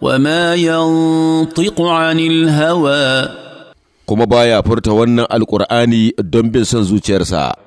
وما ينطق hawa. kuma baya furta wannan alkur'ani don bin son zuciyarsa